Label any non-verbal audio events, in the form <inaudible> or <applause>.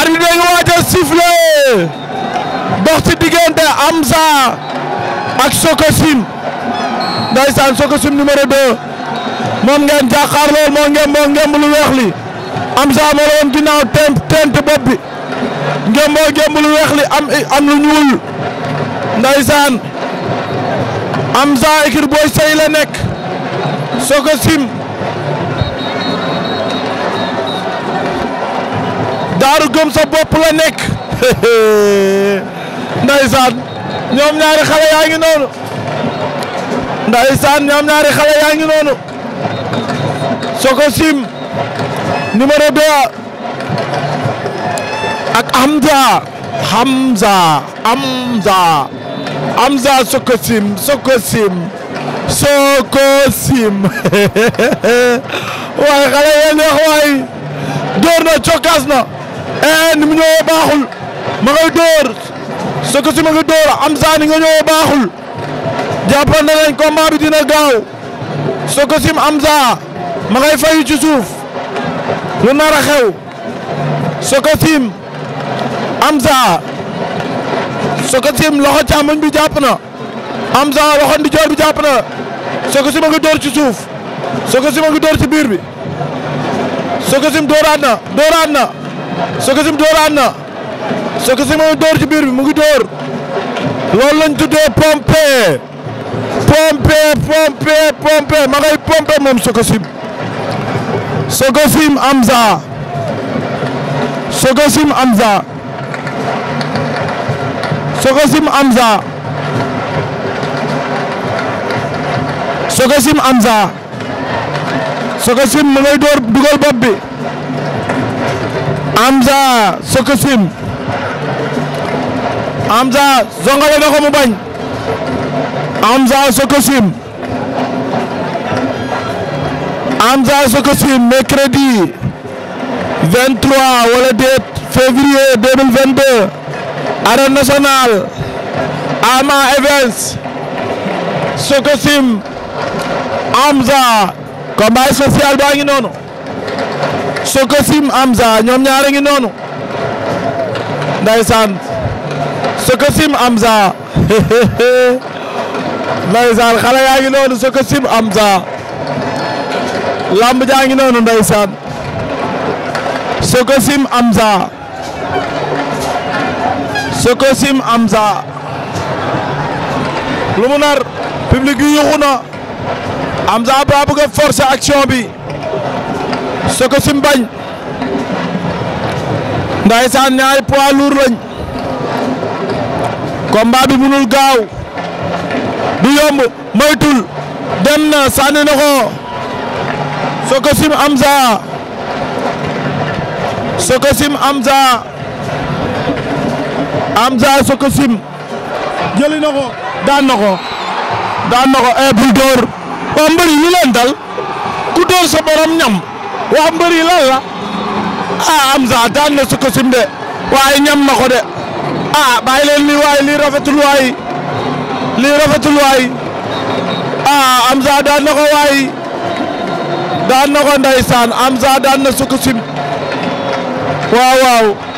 arbitre bi ngi waaj a dox ci diggante Amza ak Sokocim ndeysaan Sokocim numéro 2 moom ngeen jàkkaar lool moo ngeen moo lu weex li moo la woon ginnaaw tent tent bopp bi lu weex am lu ñuul ndeysaan Amza écurie Boy Seye la nekk Sokocim genre gëm sa bopp la nekk <laughs> ndaysaan ñoom ñaari xale yaa ngi noonu ndaysaan ñoom ñaari xale yaa ngi noonu Sococim numéro 2 ak Hamza Hamza Hamza Hamza Sococim Sococim Sococim <laughs> waaye xale yee neex waay door na cokkaas na ee eh, ni mu ñëwee baaxul ma dóor soo ko nga dóor am saa nga ñëwee baaxul jàppante nañ combat bi dina gaaw soo ko sim am ci suuf lu nar a xew soo ko sim am loxo càmmoñ bi jàpp na am saa loxo ndijoor bi jàpp na soo ko si ma nga dóor ci suuf soo ko si ma nga dóor ci biir bi soo ko sim dóoraat na Sokocim dóoraat na Sokocim mooy dóor ci biir bi mu ngi dóor loolu lañ tuddee pompé pompé pompé pompé ma ngay pompé moom Sokocim Sokocim Amza Sokocim Amza Sokocim Amza Sokocim Amza Sokocim mu ngay dóor dugal bopp Amza Sococim Amza zongale na ko mu bañ Amza Sococim Amza Sococim mercredi 23 wala déet février 2022 arène Ama Events Sococim Amza combat spécial baa ngi noonu Sococim Amza ñoom ñaare ngi noonu ndaysaan Sococim Amza <laughs> ndaysaan xale yaa ngi noonu Sococim Amza lamb jaa ngi noonu ndaysaan Sococim Amza Sococim Amza lu mu nar public na Amza ba bëgg a forcer bi Sococim bañ ndaysaan ñaari poids lourd lañ combat bi munul gaaw du yomb moytul dem na sànni na ko Sococim Amza Sococim Amza Amza Sococim daan na ko daan na ko e bul dóor waa mbëri yi leen dal ñam waa mbër yi lan la ah Amza daan na sim de waaye ñam na ko de ah bàyyi leen lii waay lii rafetul waay lii rafetul waay ah Amza daan na ko waay daan na ko ndeysaan Amza daan sim waaw waaw.